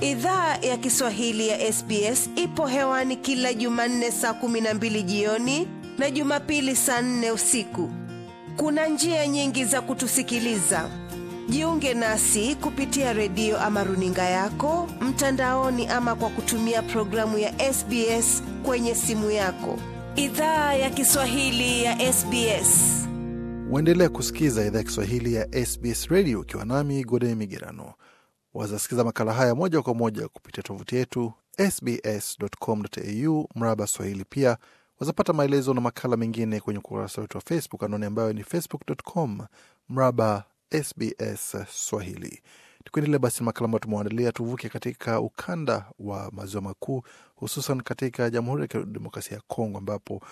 Idhaa ya Kiswahili ya SBS ipo hewani kila Jumanne saa kumi na mbili jioni na Jumapili saa nne usiku. Kuna njia nyingi za kutusikiliza. Jiunge nasi kupitia redio ama runinga yako mtandaoni, ama kwa kutumia programu ya SBS kwenye simu yako. Idhaa ya Kiswahili ya SBS. Waendelea kusikiza idhaa ya Kiswahili ya SBS redio ukiwa nami Gode Migerano wazasikiza makala haya moja kwa moja kupitia tovuti yetu sbs.com.au mraba Swahili. Pia wazapata maelezo na makala mengine kwenye ukurasa wetu wa Facebook anaone ambayo ni facebook.com mraba SBS Swahili. Tukuendelea basi makala ambayo tumewaandalia, tuvuke katika ukanda wa maziwa makuu, hususan katika Jamhuri ya Kidemokrasia ya Kongo, ambapo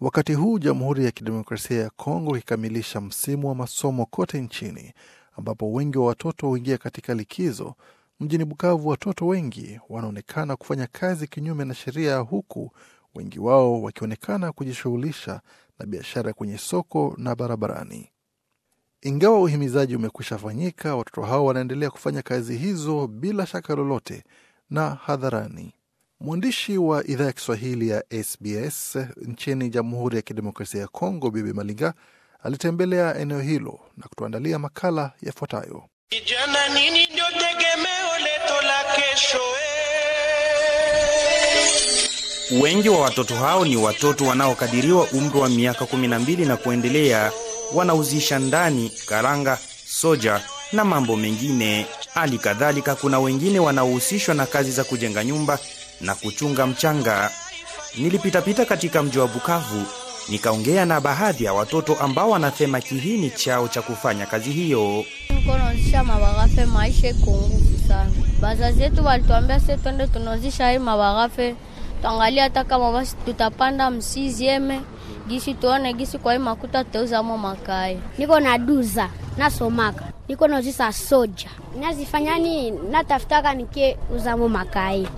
wakati huu Jamhuri ya Kidemokrasia ya Kongo ikikamilisha msimu wa masomo kote nchini, ambapo wengi wa watoto huingia katika likizo. Mjini Bukavu, watoto wengi wanaonekana kufanya kazi kinyume na sheria, huku wengi wao wakionekana kujishughulisha na biashara kwenye soko na barabarani. Ingawa uhimizaji umekwisha fanyika, watoto hao wanaendelea kufanya kazi hizo bila shaka lolote na hadharani. Mwandishi wa idhaa ya Kiswahili ya SBS nchini Jamhuri ya Kidemokrasia ya Kongo, Bibi Malinga alitembelea eneo hilo na kutuandalia makala yafuatayo. Kijana, nini ndio tegemeo leto la kesho? Wengi wa watoto hao ni watoto wanaokadiriwa umri wa miaka 12 na kuendelea, wanauzisha ndani karanga, soja na mambo mengine. Hali kadhalika kuna wengine wanaohusishwa na kazi za kujenga nyumba na kuchunga mchanga. Nilipitapita katika mji wa Bukavu Nikaongea na baadhi ya watoto ambao wanasema kihini chao cha kufanya kazi hiyo konaozisha mabarafe maisha iko nguvu sana. Bazazi yetu walituambia se twende tunaozisha hii mabarafe, tuangalia hata kama basi tutapanda msizieme gisi tuone gisi kwa hii makuta tuteuzamo makae Niko na duza nasomaka niko nozisa soja nazifanyani natafutaka nike uzamo makai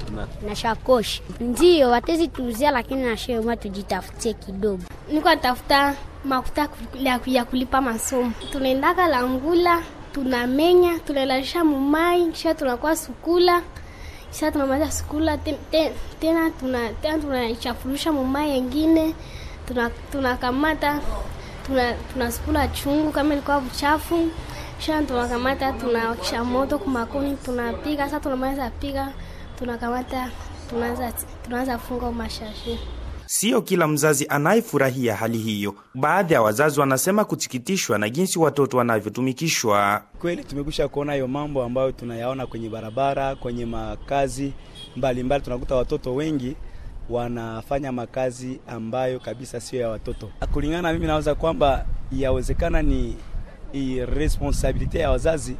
na shakoshi ndio watezi tuuzia, lakini nashema tujitafutie kidogo. Niko natafuta makuta ya kulipa masomo, tunaendaka langula, tunamenya, tunalalisha mumai, kisha tunakuwa sukula, kisha tunamaliza sukula tena tunaichafulusha tuna mumai yengine tunakamata tuna tunasukula tuna chungu kama ilikuwa uchafu kisha tunakamata, tunawakisha moto kumakuni, tunapiga sasa, tunamaliza piga, tunakamata, tunaanza funga mashashi. Sio kila mzazi anayefurahia hali hiyo. Baadhi ya wazazi wanasema kusikitishwa na jinsi watoto wanavyotumikishwa. Kweli tumekwisha kuona hiyo mambo ambayo tunayaona kwenye barabara, kwenye makazi mbalimbali mbali, tunakuta watoto wengi wanafanya makazi ambayo kabisa sio ya watoto. Kulingana na mimi, naweza kwamba yawezekana ni hii ya wazazi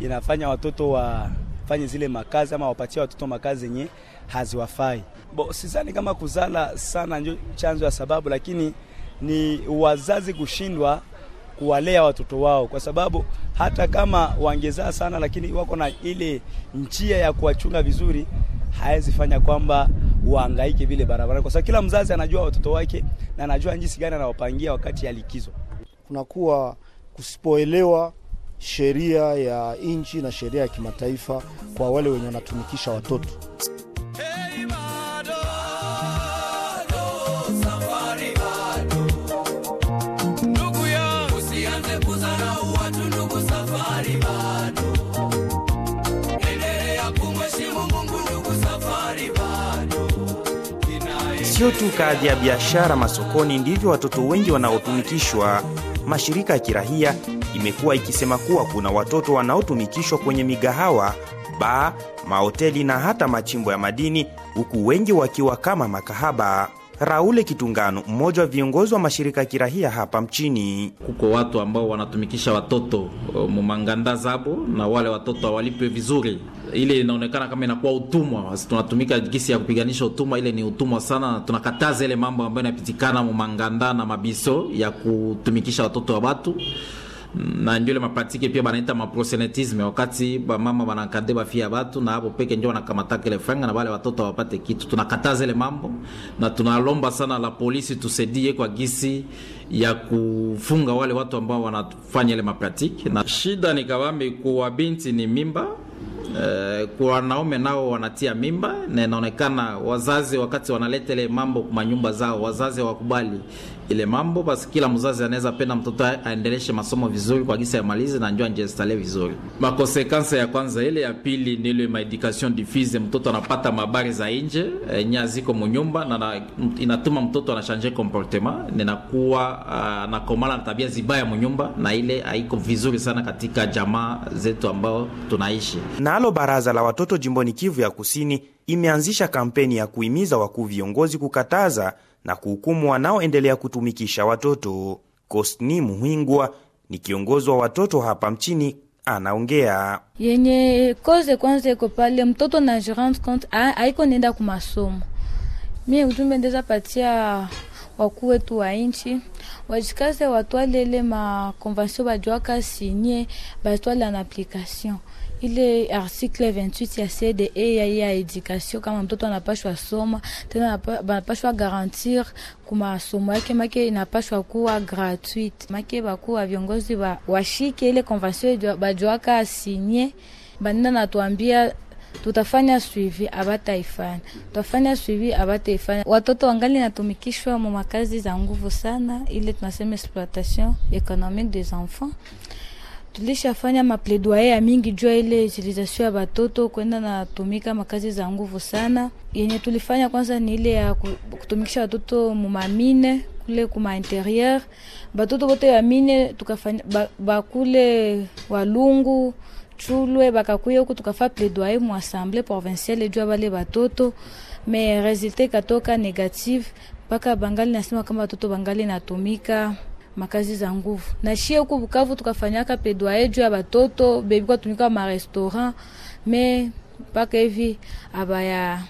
inafanya watoto wafanye zile makazi ama wapatie watoto makazi yenye haziwafai. Bo, sizani kama kuzala sana ndio chanzo ya sababu, lakini ni wazazi kushindwa kuwalea watoto wao, kwa sababu hata kama wangezaa sana, lakini wako na ile njia ya kuwachunga vizuri, hawezi fanya kwamba waangaike vile barabara, kwa sababu kila mzazi anajua watoto wake na anajua jinsi gani anawapangia wakati ya likizo. Kunakuwa kusipoelewa sheria ya nchi na sheria ya kimataifa kwa wale wenye wanatumikisha watoto. Sio tu kadhi ya biashara masokoni ndivyo watoto wengi wanaotumikishwa mashirika ya kirahia imekuwa ikisema kuwa kuna watoto wanaotumikishwa kwenye migahawa, baa, mahoteli na hata machimbo ya madini, huku wengi wakiwa kama makahaba. Raule Kitungano, mmoja wa viongozi wa mashirika ya kirahia hapa mchini. Kuko watu ambao wanatumikisha watoto mumanganda zabo, na wale watoto hawalipwe vizuri. Ile inaonekana kama inakuwa utumwa, tunatumika gisi ya kupiganisha utumwa. Ile ni utumwa sana, tunakataza ile mambo ambayo inapitikana mumanganda na mabiso ya kutumikisha watoto wa watu na ndio ile mapratike pia banaita maprosenetisme, wakati bamama banakade bafia batu na hapo peke ndio wanakamataka kile franga na bale watoto wapate kitu. Tunakataza ile mambo na tunalomba sana la polisi tusaidie kwa gisi ya kufunga wale watu ambao wanafanya ile mapratike. Na shida ni kawambi kuwa binti ni mimba eh, kwa wanaume nao wanatia mimba na inaonekana wazazi wakati wanaleta ile mambo kwa nyumba zao, wazazi wakubali ile mambo basi, kila mzazi anaweza penda mtoto aendeleshe masomo vizuri kwa gisa ya malizi na njua anjestale vizuri. Makonsekansa ya kwanza ile, ya pili ni ile maedikation diffuse, mtoto anapata mabari za nje enye eh, aziko munyumba na inatuma mtoto anashanje comportement, ninakuwa anakomana ah, na tabia zibaya munyumba, na ile haiko vizuri sana katika jamaa zetu ambao tunaishi nalo. Na baraza la watoto jimboni Kivu ya Kusini imeanzisha kampeni ya kuhimiza wakuu viongozi kukataza na kuhukumu wanaoendelea kutumikisha watoto. Kosni Muhingwa ni kiongozi wa watoto hapa mchini anaongea yenye koze kwanza iko pale mtoto na gerande compte aiko nenda kumasomo. mi ujumbe ndeza patia wakuu wetu wa nchi wajikaze, watwalele ma convention bajuaka sinye batwale na application ile article 28 ya CDE ya education kama mtoto anapashwa soma tena banapashwa bah, garantir kumasomo yake make inapashwa kuwa gratuite make bakuwa viongozi ba, washike ile convention bajuaka asinye banenda natuambia tutafanya suivi abataifanya, tutafanya suivi abataifanya. Watoto wangali natumikishwa mu makazi za nguvu sana, ile tunasema exploitation économique des enfants tulishafanya mapledoye ya mingi jua ile utilizasio ya batoto kwenda na tumika makazi za nguvu sana. Yenye tulifanya kwanza ni ile ya kutumikisha watoto mumamine kule kuma interieur, batoto bote ya mine tukafanya bakule ba walungu chulwe bakakuya huku tukafa pledoyer mu assemblée provinciale jua bale batoto me resultat ikatoka negative, mpaka bangali nasema kama watoto bangali natumika makazi za nguvu na shie huku Bukavu tukafanyaka pedwaye juu ya batoto bebi kwa tumika ma restaurant me mpaka hivi abaya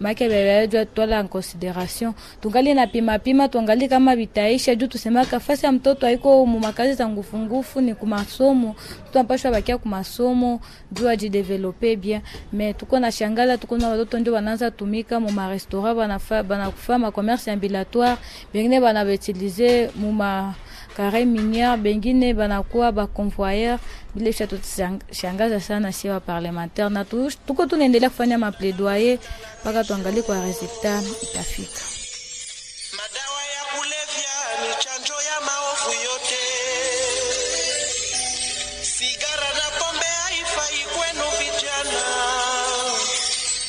make bebe twala en consideration tungali na pima pima, tuangali kama bitaisha juu tusema kafasi ya mtoto haiko mu makazi za nguvu nguvu, ni kumasomo mtu ampashwa bakia kumasomo juu ajidevelope bien. Me tuko na shangala, tuko na watoto ndio wanaanza tumika mu ma restaurant, banakufa ma commerce ambulatoire, bengine banabetilize mu ma kare miniere, bengine banakuwa baconvoyer. Vile vishatushangaza sana sie waparlementaire, na tuko tunaendelea kufanya mapledoyer mpaka tuangalie kwa resultat itafika. Madawa ya kulevya ni chanjo ya maovu yote, sigara na pombe haifai kwenu vijana.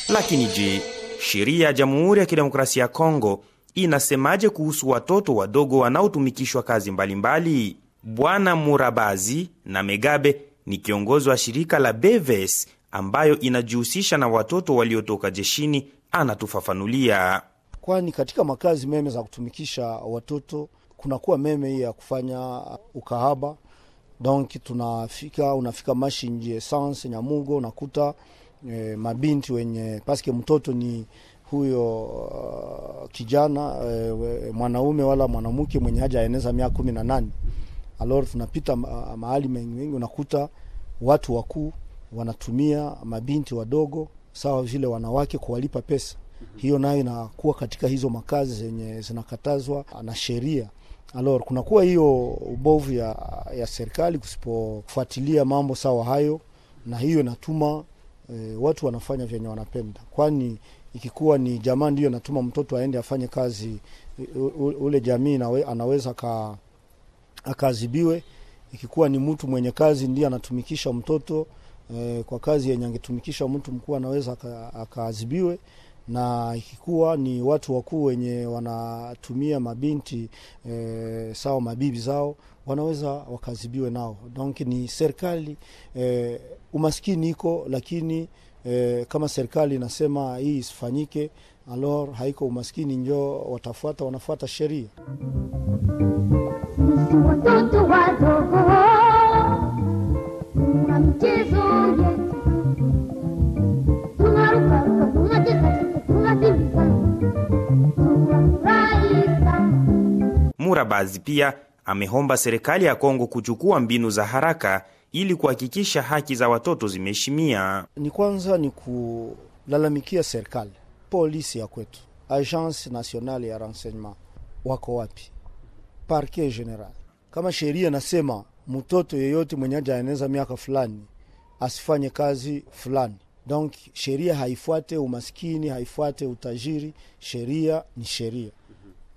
Lakini je, sheria ya Jamhuri ya Kidemokrasia ya Kongo inasemaje kuhusu watoto wadogo wanaotumikishwa kazi mbalimbali? Bwana Murabazi na Megabe ni kiongozi wa shirika la Beves ambayo inajihusisha na watoto waliotoka jeshini, anatufafanulia. Kwani katika makazi meme za kutumikisha watoto kunakuwa meme hiyo ya kufanya ukahaba, donk, tunafika unafika mashinji essence Nyamugo unakuta e, mabinti wenye paske mtoto ni huyo uh, kijana uh, mwanaume wala mwanamke mwenye haja aeneza miaka kumi na nane. alor tunapita ma mahali mengi mengi, unakuta watu wakuu wanatumia mabinti wadogo sawa vile wanawake kuwalipa pesa. Mhm. Hiyo nayo inakuwa katika hizo makazi zenye zinakatazwa na sheria. alor kunakuwa hiyo ubovu ya, ya serikali kusipofuatilia mambo sawa hayo, na hiyo inatuma e, watu wanafanya vyenye wanapenda, kwani ikikuwa ni jamaa ndiyo anatuma mtoto aende afanye kazi ule jamii nawe, anaweza ka, akazibiwe. Ikikuwa ni mtu mwenye kazi ndiye anatumikisha mtoto e, kwa kazi yenye angetumikisha mtu mkuu anaweza akaadhibiwe na ikikuwa ni watu wakuu wenye wanatumia mabinti e, sawa mabibi zao wanaweza wakaadhibiwe nao. donk ni serikali e, umaskini iko lakini e, kama serikali inasema hii isifanyike, alor haiko umaskini, njo watafuata, wanafuata sheria. Murabazi pia ameomba serikali ya Kongo kuchukua mbinu za haraka ili kuhakikisha haki za watoto zimeheshimia. Ni kwanza ni kulalamikia serikali, polisi ya kwetu, Agence Nationale ya Renseignement wako wapi? Parquet General, kama sheria nasema mtoto yeyote mwenye ajaeneza miaka fulani asifanye kazi fulani, donc sheria haifuate umaskini, haifuate utajiri. Sheria ni sheria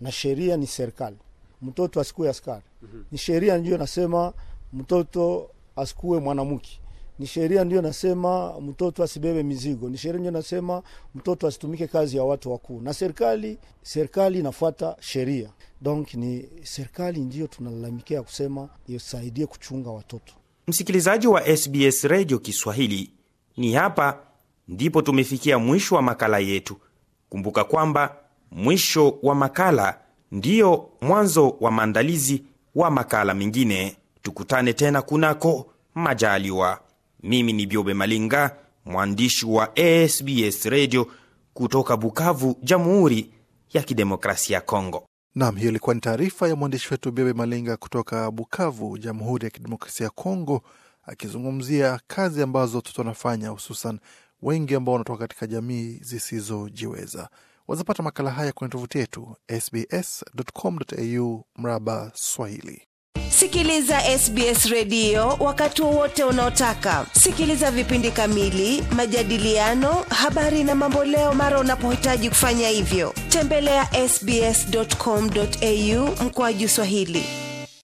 na sheria ni serikali. Mtoto asikuwe askari, mhm. ni sheria ndio nasema mtoto asikuwe mwanamke. Ni sheria ndio nasema mtoto asibebe mizigo, ni sheria ndio nasema mtoto asitumike kazi ya watu wakuu, na serikali serikali inafuata sheria. Donc ni serikali ndiyo tunalalamikia kusema isaidie kuchunga watoto. Msikilizaji wa SBS Radio Kiswahili, ni hapa ndipo tumefikia mwisho wa makala yetu. Kumbuka kwamba mwisho wa makala ndiyo mwanzo wa maandalizi wa makala mengine. Tukutane tena kunako majaliwa. Mimi ni biobe Malinga, mwandishi wa SBS Radio kutoka Bukavu, Jamhuri ya Kidemokrasia ya congo Nam, hiyo ilikuwa ni taarifa ya mwandishi wetu biobe Malinga kutoka Bukavu, Jamhuri ya Kidemokrasia ya congo akizungumzia kazi ambazo watoto wanafanya, hususan wengi ambao wanatoka katika jamii zisizojiweza. Wazapata makala haya kwenye tovuti yetu sbs.com.au mraba Swahili. Sikiliza SBS redio wakati wowote unaotaka. Sikiliza vipindi kamili, majadiliano, habari na mamboleo mara unapohitaji kufanya hivyo. Tembelea ya sbs.com.au mkoaju Swahili.